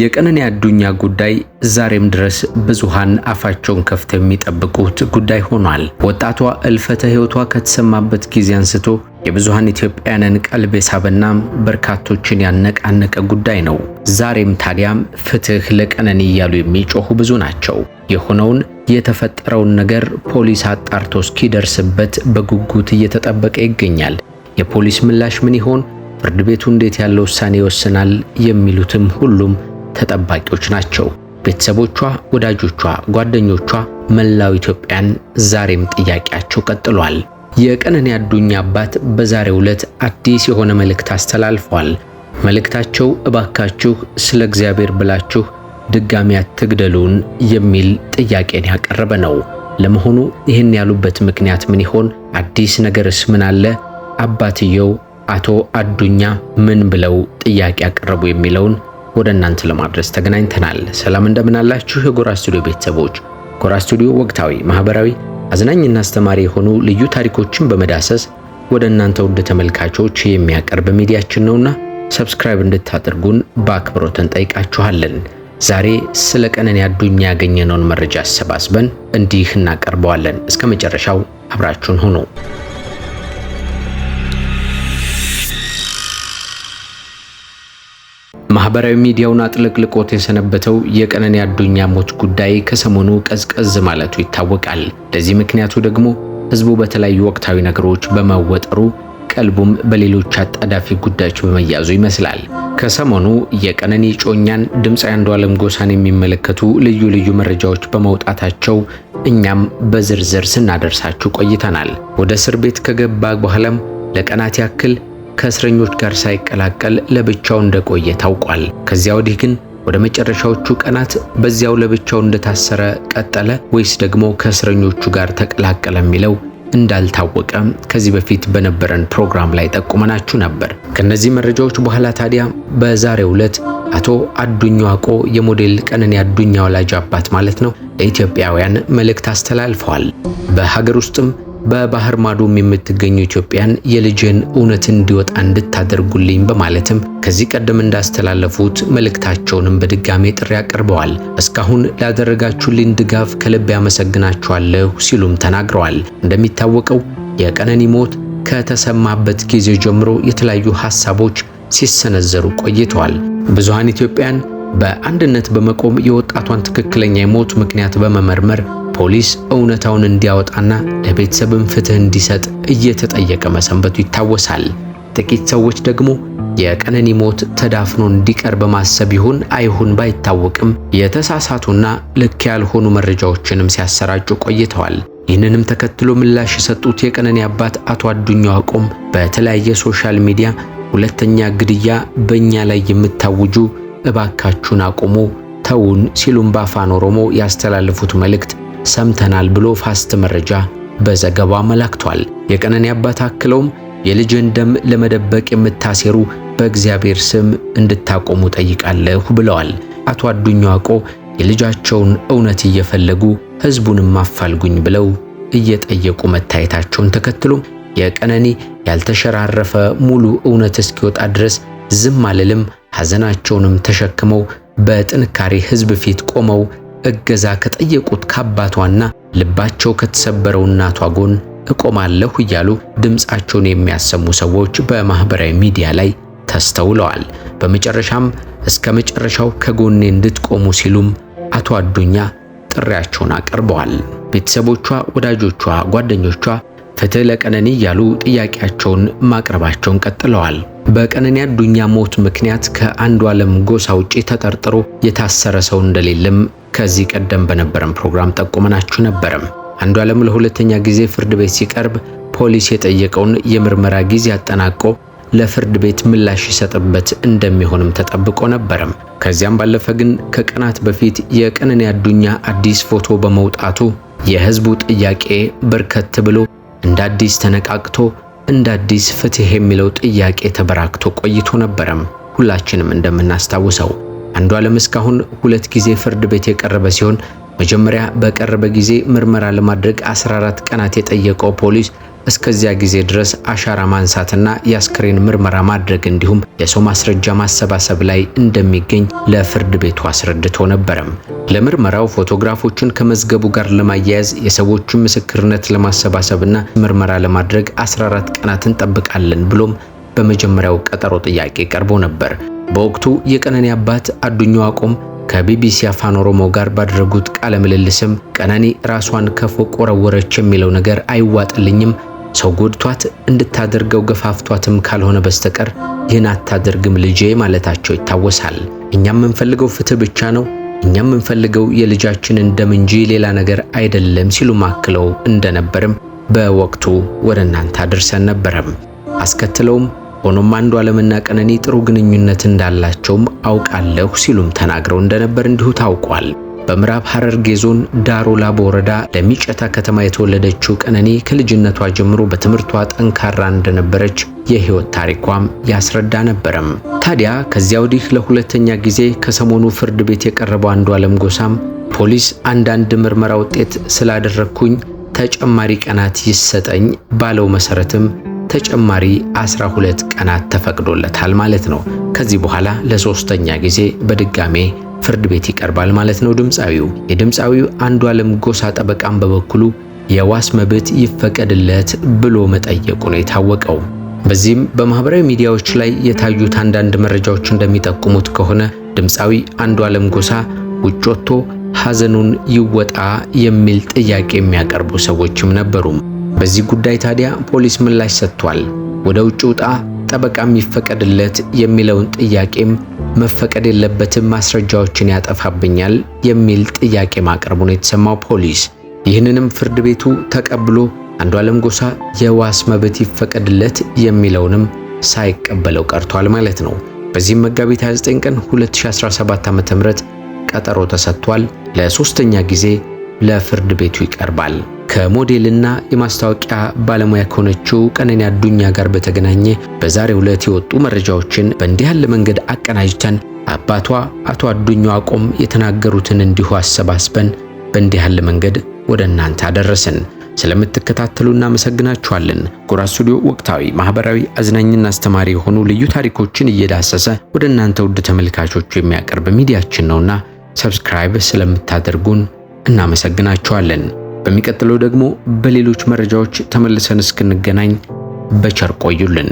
የቀነኒ አዱኛ ጉዳይ ዛሬም ድረስ ብዙሃን አፋቸውን ከፍተው የሚጠብቁት ጉዳይ ሆኗል። ወጣቷ እልፈተ ሕይወቷ ከተሰማበት ጊዜ አንስቶ የብዙሃን ኢትዮጵያውያንን ቀልብ የሳበና በርካቶችን ያነቃነቀ ጉዳይ ነው። ዛሬም ታዲያም ፍትህ ለቀነኒ እያሉ የሚጮሁ ብዙ ናቸው። የሆነውን የተፈጠረውን ነገር ፖሊስ አጣርቶ እስኪደርስበት በጉጉት እየተጠበቀ ይገኛል። የፖሊስ ምላሽ ምን ይሆን? ፍርድ ቤቱ እንዴት ያለ ውሳኔ ይወስናል? የሚሉትም ሁሉም ተጠባቂዎች ናቸው። ቤተሰቦቿ፣ ወዳጆቿ፣ ጓደኞቿ፣ መላው ኢትዮጵያን ዛሬም ጥያቄያቸው ቀጥሏል። የቀነኒ አዱኛ አባት በዛሬው ዕለት አዲስ የሆነ መልእክት አስተላልፏል። መልእክታቸው እባካችሁ ስለ እግዚአብሔር ብላችሁ ድጋሚ አትግደሉን የሚል ጥያቄን ያቀረበ ነው። ለመሆኑ ይህን ያሉበት ምክንያት ምን ይሆን? አዲስ ነገርስ ምን አለ? አባትየው አቶ አዱኛ ምን ብለው ጥያቄ ያቀረቡ የሚለውን ወደ እናንተ ለማድረስ ተገናኝተናል። ሰላም እንደምናላችሁ የጎራ ስቱዲዮ ቤተሰቦች። ጎራ ስቱዲዮ ወቅታዊ፣ ማህበራዊ፣ አዝናኝና አስተማሪ የሆኑ ልዩ ታሪኮችን በመዳሰስ ወደ እናንተ ውድ ተመልካቾች የሚያቀርብ ሚዲያችን ነውና ሰብስክራይብ እንድታደርጉን በአክብሮት እንጠይቃችኋለን። ዛሬ ስለ ቀነኒ አዱኛ ያገኘነውን መረጃ አሰባስበን እንዲህ እናቀርበዋለን። እስከ መጨረሻው አብራችሁን ሁኑ። ማህበራዊ ሚዲያውን አጥለቅልቆት የሰነበተው የቀነኒ አዱኛ ሞት ጉዳይ ከሰሞኑ ቀዝቀዝ ማለቱ ይታወቃል። ለዚህ ምክንያቱ ደግሞ ህዝቡ በተለያዩ ወቅታዊ ነገሮች በመወጠሩ ቀልቡም በሌሎች አጣዳፊ ጉዳዮች በመያዙ ይመስላል። ከሰሞኑ የቀነኒ ጮኛን ድምፃዊ አንዷለም ጎሳን የሚመለከቱ ልዩ ልዩ መረጃዎች በመውጣታቸው እኛም በዝርዝር ስናደርሳችሁ ቆይተናል። ወደ እስር ቤት ከገባ በኋላም ለቀናት ያክል ከእስረኞች ጋር ሳይቀላቀል ለብቻው እንደቆየ ታውቋል። ከዚያ ወዲህ ግን ወደ መጨረሻዎቹ ቀናት በዚያው ለብቻው እንደታሰረ ቀጠለ ወይስ ደግሞ ከእስረኞቹ ጋር ተቀላቀለ የሚለው እንዳልታወቀ ከዚህ በፊት በነበረን ፕሮግራም ላይ ጠቁመናችሁ ነበር። ከነዚህ መረጃዎች በኋላ ታዲያ በዛሬው ዕለት አቶ አዱኛ አቆ የሞዴል ቀነኒ አዱኛ ወላጅ አባት ማለት ነው፣ ለኢትዮጵያውያን መልእክት አስተላልፈዋል። በሀገር ውስጥም በባህር ማዶም የምትገኙ ኢትዮጵያን የልጅን እውነት እንዲወጣ እንድታደርጉልኝ በማለትም ከዚህ ቀደም እንዳስተላለፉት መልእክታቸውንም በድጋሜ ጥሪ አቅርበዋል። እስካሁን ላደረጋችሁልኝ ድጋፍ ከልብ ያመሰግናችኋለሁ ሲሉም ተናግረዋል። እንደሚታወቀው የቀነኒ ሞት ከተሰማበት ጊዜ ጀምሮ የተለያዩ ሀሳቦች ሲሰነዘሩ ቆይተዋል። ብዙሃን ኢትዮጵያን በአንድነት በመቆም የወጣቷን ትክክለኛ የሞት ምክንያት በመመርመር ፖሊስ እውነታውን እንዲያወጣና ለቤተሰብም ፍትህ እንዲሰጥ እየተጠየቀ መሰንበቱ ይታወሳል። ጥቂት ሰዎች ደግሞ የቀነኒ ሞት ተዳፍኖ እንዲቀር በማሰብ ይሁን አይሁን ባይታወቅም የተሳሳቱና ልክ ያልሆኑ መረጃዎችንም ሲያሰራጩ ቆይተዋል። ይህንንም ተከትሎ ምላሽ የሰጡት የቀነኒ አባት አቶ አዱኛ አቆም በተለያየ ሶሻል ሚዲያ ሁለተኛ ግድያ በእኛ ላይ የምታውጁ እባካችሁን አቁሙ፣ ተውን ሲሉም ባፋን ኦሮሞ ያስተላለፉት መልእክት ሰምተናል ብሎ ፋስት መረጃ በዘገባው አመላክቷል። የቀነኒ አባት አክለውም የልጅን ደም ለመደበቅ የምታሴሩ በእግዚአብሔር ስም እንድታቆሙ ጠይቃለሁ ብለዋል። አቶ አዱኛ ዋቆ የልጃቸውን እውነት እየፈለጉ ህዝቡንም አፋልጉኝ ብለው እየጠየቁ መታየታቸውን ተከትሎ የቀነኒ ያልተሸራረፈ ሙሉ እውነት እስኪወጣ ድረስ ዝም አልልም፣ ሐዘናቸውንም ተሸክመው በጥንካሬ ህዝብ ፊት ቆመው እገዛ ከጠየቁት ከአባቷና ልባቸው ከተሰበረው እናቷ ጎን እቆማለሁ እያሉ ድምፃቸውን የሚያሰሙ ሰዎች በማህበራዊ ሚዲያ ላይ ተስተውለዋል። በመጨረሻም እስከ መጨረሻው ከጎኔ እንድትቆሙ ሲሉም አቶ አዱኛ ጥሪያቸውን አቅርበዋል። ቤተሰቦቿ፣ ወዳጆቿ፣ ጓደኞቿ ፍትህ ለቀነኒ እያሉ ጥያቄያቸውን ማቅረባቸውን ቀጥለዋል። በቀነኒ አዱኛ ሞት ምክንያት ከአንዱ ዓለም ጎሳ ውጪ ተጠርጥሮ የታሰረ ሰው እንደሌለም ከዚህ ቀደም በነበረም ፕሮግራም ጠቁመናችሁ ነበረም። አንዱዓለም ለሁለተኛ ጊዜ ፍርድ ቤት ሲቀርብ ፖሊስ የጠየቀውን የምርመራ ጊዜ አጠናቆ ለፍርድ ቤት ምላሽ ይሰጥበት እንደሚሆንም ተጠብቆ ነበረም። ከዚያም ባለፈ ግን ከቀናት በፊት የቀነኒ አዱኛ አዲስ ፎቶ በመውጣቱ የህዝቡ ጥያቄ በርከት ብሎ እንደ አዲስ ተነቃቅቶ እንደ አዲስ ፍትህ የሚለው ጥያቄ ተበራክቶ ቆይቶ ነበረም። ሁላችንም እንደምናስታውሰው አንዱ ዓለም እስካሁን ሁለት ጊዜ ፍርድ ቤት የቀረበ ሲሆን መጀመሪያ በቀረበ ጊዜ ምርመራ ለማድረግ 14 ቀናት የጠየቀው ፖሊስ እስከዚያ ጊዜ ድረስ አሻራ ማንሳትና የአስክሬን ምርመራ ማድረግ እንዲሁም የሰው ማስረጃ ማሰባሰብ ላይ እንደሚገኝ ለፍርድ ቤቱ አስረድቶ ነበረም። ለምርመራው ፎቶግራፎችን ከመዝገቡ ጋር ለማያያዝ የሰዎችን ምስክርነት ለማሰባሰብና ምርመራ ለማድረግ 14 ቀናት እንጠብቃለን ብሎም በመጀመሪያው ቀጠሮ ጥያቄ ቀርቦ ነበር። በወቅቱ የቀነኒ አባት አዱኛ አቁም ከቢቢሲ አፋን ኦሮሞ ጋር ባደረጉት ቃለ ምልልስም ቀነኒ ራሷን ከፎቅ ወረወረች የሚለው ነገር አይዋጥልኝም፣ ሰው ጎድቷት እንድታደርገው ገፋፍቷትም ካልሆነ በስተቀር ይህን አታደርግም ልጄ ማለታቸው ይታወሳል። እኛም የምንፈልገው ፍትህ ብቻ ነው፣ እኛም የምንፈልገው የልጃችንን ደም እንጂ ሌላ ነገር አይደለም ሲሉ ማክለው እንደነበርም በወቅቱ ወደ እናንተ አድርሰን ነበረም። አስከትለውም ሆኖም አንዱ ዓለምና ቀነኒ ጥሩ ግንኙነት እንዳላቸውም አውቃለሁ ሲሉም ተናግረው እንደነበር እንዲሁ ታውቋል። በምዕራብ ሐረርጌ ዞን ዳሮ ላቦ ወረዳ ለሚጨታ ከተማ የተወለደችው ቀነኒ ከልጅነቷ ጀምሮ በትምህርቷ ጠንካራ እንደነበረች የህይወት ታሪኳም ያስረዳ ነበረም። ታዲያ ከዚያ ወዲህ ለሁለተኛ ጊዜ ከሰሞኑ ፍርድ ቤት የቀረበው አንዱ ዓለም ጎሳም ፖሊስ አንዳንድ ምርመራ ውጤት ስላደረግኩኝ ተጨማሪ ቀናት ይሰጠኝ ባለው መሰረትም ተጨማሪ 12 ቀናት ተፈቅዶለታል ማለት ነው። ከዚህ በኋላ ለሶስተኛ ጊዜ በድጋሜ ፍርድ ቤት ይቀርባል ማለት ነው ድምፃዊው። የድምፃዊው አንዷለም ጎሳ ጠበቃም በበኩሉ የዋስ መብት ይፈቀድለት ብሎ መጠየቁ ነው የታወቀው። በዚህም በማህበራዊ ሚዲያዎች ላይ የታዩት አንዳንድ መረጃዎች እንደሚጠቁሙት ከሆነ ድምፃዊ አንዷለም ጎሳ ውጭ ወጥቶ ሐዘኑን ይወጣ የሚል ጥያቄ የሚያቀርቡ ሰዎችም ነበሩም። በዚህ ጉዳይ ታዲያ ፖሊስ ምላሽ ሰጥቷል። ወደ ውጭ ውጣ፣ ጠበቃም ይፈቀድለት የሚለውን ጥያቄም መፈቀድ የለበትም ማስረጃዎችን ያጠፋብኛል የሚል ጥያቄ ማቅረቡ ነው የተሰማው ፖሊስ። ይህንንም ፍርድ ቤቱ ተቀብሎ አንዷለም ጎሳ የዋስ መብት ይፈቀድለት የሚለውንም ሳይቀበለው ቀርቷል ማለት ነው። በዚህም መጋቢት 29 ቀን 2017 ዓ.ም ቀጠሮ ተሰጥቷል። ለሶስተኛ ጊዜ ለፍርድ ቤቱ ይቀርባል። ከሞዴልና የማስታወቂያ ባለሙያ ከሆነችው ቀነኒ አዱኛ ጋር በተገናኘ በዛሬው ዕለት የወጡ መረጃዎችን በእንዲህ ያለ መንገድ አቀናጅተን አባቷ አቶ አዱኛ አቆም የተናገሩትን እንዲሁ አሰባስበን በእንዲህ ያለ መንገድ ወደ እናንተ አደረስን። ስለምትከታተሉ እናመሰግናችኋለን። ጎራ ስቱዲዮ ወቅታዊ፣ ማህበራዊ፣ አዝናኝና አስተማሪ የሆኑ ልዩ ታሪኮችን እየዳሰሰ ወደ እናንተ ውድ ተመልካቾቹ የሚያቀርብ ሚዲያችን ነውና ሰብስክራይብ ስለምታደርጉን እናመሰግናችኋለን። በሚቀጥለው ደግሞ በሌሎች መረጃዎች ተመልሰን እስክንገናኝ በቸር ቆዩልን።